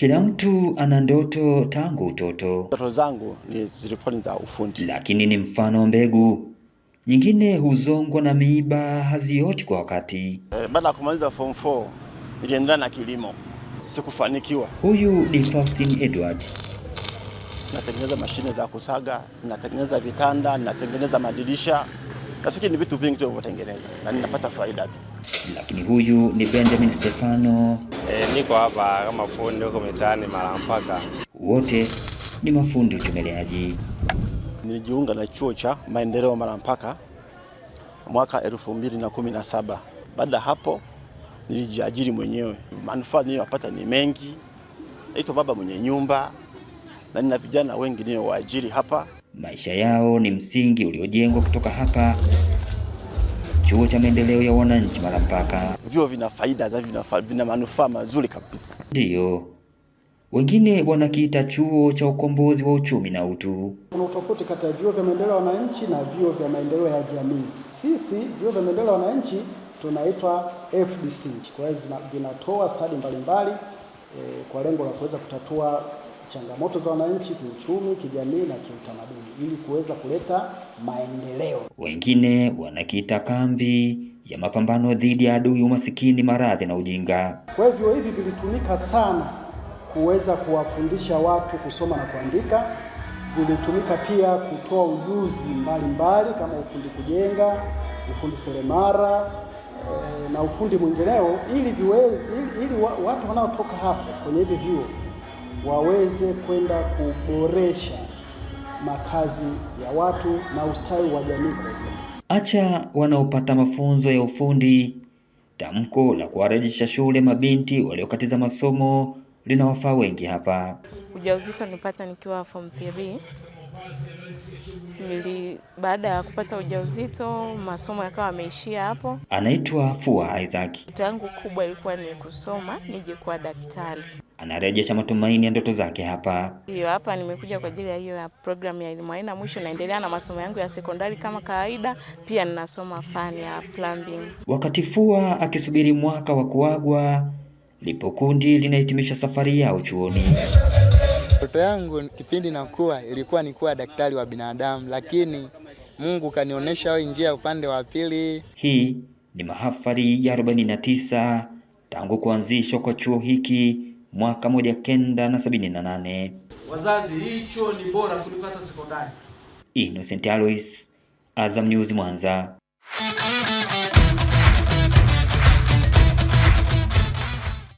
Kila mtu ana ndoto tangu utoto. Ndoto zangu zilikuwa ni za ufundi, lakini ni mfano mbegu nyingine huzongwa na miiba, hazioti kwa wakati. E, baada ya kumaliza form 4 niliendelea na kilimo, sikufanikiwa. Huyu ni Faustin Edward. Natengeneza mashine za kusaga, natengeneza vitanda, natengeneza madirisha. Nafikiri ni vitu vingi tu vinavyotengeneza na ninapata faida tu lakini huyu ni Benjamin Stefano. E, niko hapa kama fundi huko mitaani mara mpaka. Wote ni mafundi uchomeleaji. Nilijiunga na chuo cha maendeleo mara mpaka mwaka 2017. Baada hapo nilijiajiri mwenyewe. Manufaa niliyopata ni mengi. Naitwa baba mwenye nyumba na nina vijana wengi niliyowaajiri hapa. Maisha yao ni msingi uliojengwa kutoka hapa Chuo cha Maendeleo ya Wananchi Malampaka. Vyuo vina faida za vina, vina manufaa mazuri kabisa. Ndiyo, wengine wanakiita chuo cha ukombozi wa uchumi na utu. Kuna utofauti kati ya vyuo vya maendeleo ya wananchi na vyuo vya maendeleo ya jamii. Sisi vyuo vya maendeleo ya wananchi tunaitwa FDC. Kwa hiyo vinatoa stadi mbalimbali e, kwa lengo la kuweza kutatua changamoto za wananchi kiuchumi, kijamii na kiutamaduni ili kuweza kuleta maendeleo. Wengine wanakiita kambi ya mapambano dhidi ya adui umasikini, maradhi na ujinga. Kwa hivyo hivi vilitumika sana kuweza kuwafundisha watu kusoma na kuandika, vilitumika pia kutoa ujuzi mbalimbali kama ufundi kujenga, ufundi seremara eh, na ufundi mwingineo ili, ili, ili watu wanaotoka hapo kwenye hivi vyuo waweze kwenda kuboresha makazi ya watu na ustawi wa jamii kwa ujumla. Acha wanaopata mafunzo ya ufundi. Tamko la kuwarejesha shule mabinti waliokatiza masomo linawafaa wengi hapa. Ujauzito nipata nikiwa form 3 Nili baada ya kupata ujauzito masomo yakawa yameishia hapo. Anaitwa Fua Isaac. Ndoto yangu kubwa ilikuwa ni kusoma nije kuwa daktari. Anarejesha matumaini ya ndoto zake hapa. Hiyo hapa nimekuja kwa ajili ya hiyo ya programu ya elimu haina mwisho, naendelea na masomo yangu ya sekondari kama kawaida, pia ninasoma fani ya plumbing. Wakati Fua akisubiri mwaka wa kuagwa, lipo kundi linahitimisha safari yao chuoni. Ndoto yangu kipindi nakuwa ilikuwa ni kuwa daktari wa binadamu, lakini Mungu kanionyesha hii njia upande wa pili. Hii ni mahafali ya 49 tangu kuanzishwa kwa chuo hiki mwaka moja kenda na sabini na nane. Wazazi, hii chuo ni bora kuliko hata sekondari. Innocent Alois, Azam News, Mwanza.